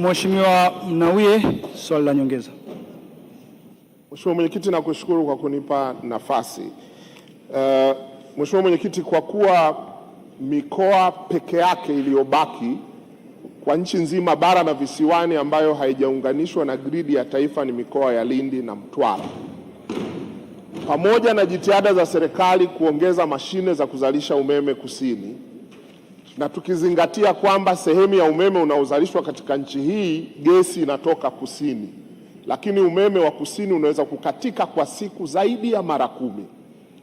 Mheshimiwa Mnauye, swali la nyongeza. Mheshimiwa Mwenyekiti, nakushukuru kwa kunipa nafasi. Uh, Mheshimiwa Mwenyekiti, kwa kuwa mikoa peke yake iliyobaki kwa nchi nzima bara na visiwani ambayo haijaunganishwa na gridi ya taifa ni mikoa ya Lindi na Mtwara. Pamoja na jitihada za serikali kuongeza mashine za kuzalisha umeme kusini na tukizingatia kwamba sehemu ya umeme unaozalishwa katika nchi hii gesi inatoka kusini, lakini umeme wa kusini unaweza kukatika kwa siku zaidi ya mara kumi.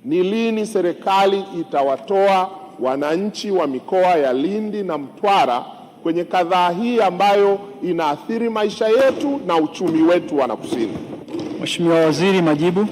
Ni lini serikali itawatoa wananchi wa mikoa ya Lindi na Mtwara kwenye kadhaa hii ambayo inaathiri maisha yetu na uchumi wetu? Wana kusini. Mheshimiwa Waziri, majibu.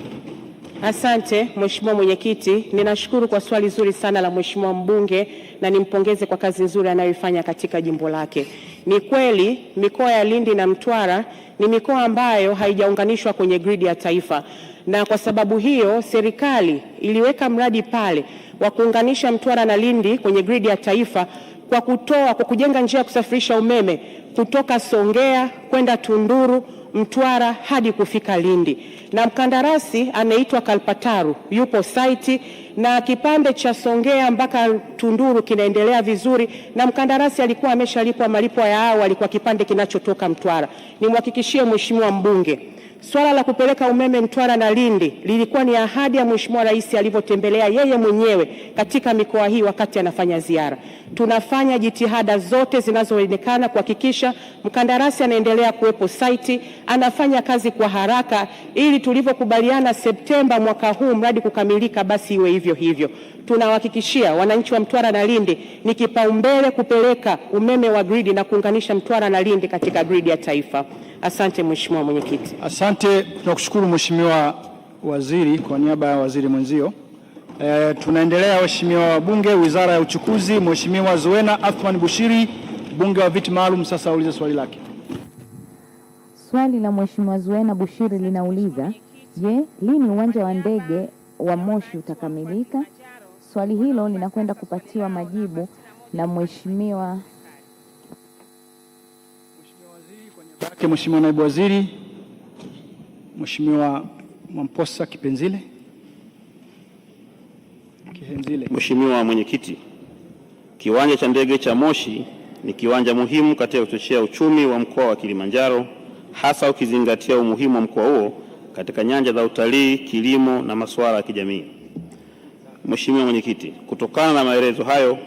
Asante Mheshimiwa Mwenyekiti, ninashukuru kwa swali zuri sana la Mheshimiwa mbunge na nimpongeze kwa kazi nzuri anayoifanya katika jimbo lake. Ni kweli mikoa ya Lindi na Mtwara ni mikoa ambayo haijaunganishwa kwenye gridi ya taifa, na kwa sababu hiyo serikali iliweka mradi pale wa kuunganisha Mtwara na Lindi kwenye gridi ya taifa kwa kutoa, kwa kujenga njia ya kusafirisha umeme kutoka Songea kwenda Tunduru Mtwara hadi kufika Lindi, na mkandarasi anaitwa Kalpataru yupo saiti, na kipande cha Songea mpaka Tunduru kinaendelea vizuri, na mkandarasi alikuwa ameshalipwa malipo ya awali kwa kipande kinachotoka Mtwara. Nimhakikishie Mheshimiwa mbunge Swala la kupeleka umeme Mtwara na Lindi lilikuwa ni ahadi ya Mheshimiwa Rais alivyotembelea yeye mwenyewe katika mikoa hii wakati anafanya ziara. Tunafanya jitihada zote zinazoonekana kuhakikisha mkandarasi anaendelea kuwepo saiti, anafanya kazi kwa haraka ili tulivyokubaliana Septemba mwaka huu mradi kukamilika, basi iwe hivyo hivyo. Tunawahakikishia wananchi wa Mtwara na Lindi ni kipaumbele kupeleka umeme wa gridi na kuunganisha Mtwara na Lindi katika gridi ya taifa. Asante Mheshimiwa Mwenyekiti. Asante, tunakushukuru Mheshimiwa Waziri kwa niaba ya waziri mwenzio. E, tunaendelea waheshimiwa wabunge. Wizara ya Uchukuzi, Mheshimiwa Zuena Athman Bushiri, mbunge wa viti maalum, sasa aulize swali lake. Swali la Mheshimiwa Zuena Bushiri linauliza je, lini uwanja wa ndege wa Moshi utakamilika? Swali hilo linakwenda kupatiwa majibu na Mheshimiwa Mheshimiwa Naibu Waziri Mheshimiwa Mwamposa Kipenzile. Kipenzile. Mheshimiwa Mwenyekiti, kiwanja cha ndege cha Moshi ni kiwanja muhimu katika kuchochea uchumi wa mkoa wa Kilimanjaro hasa ukizingatia umuhimu wa mkoa huo katika nyanja za utalii, kilimo na masuala ya kijamii. Mheshimiwa Mwenyekiti, kutokana na maelezo hayo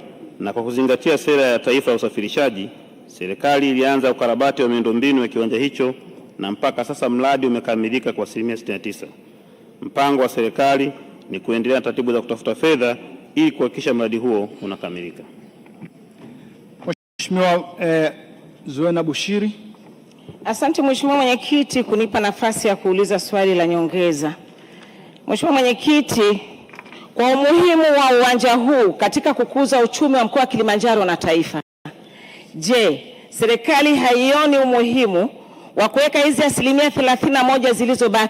na kwa kuzingatia sera ya taifa ya usafirishaji, serikali ilianza ukarabati wa miundombinu ya kiwanja hicho na mpaka sasa mradi umekamilika kwa asilimia 69. Mpango wa serikali ni kuendelea na taratibu za kutafuta fedha ili kuhakikisha mradi huo unakamilika. Mheshimiwa eh, Zuena Bushiri. Asante Mheshimiwa Mwenyekiti kunipa nafasi ya kuuliza swali la nyongeza. Mheshimiwa Mwenyekiti, kwa umuhimu wa uwanja huu katika kukuza uchumi wa mkoa wa Kilimanjaro na taifa, je, serikali haioni umuhimu wa kuweka hizi asilimia thelathini na moja zilizobaki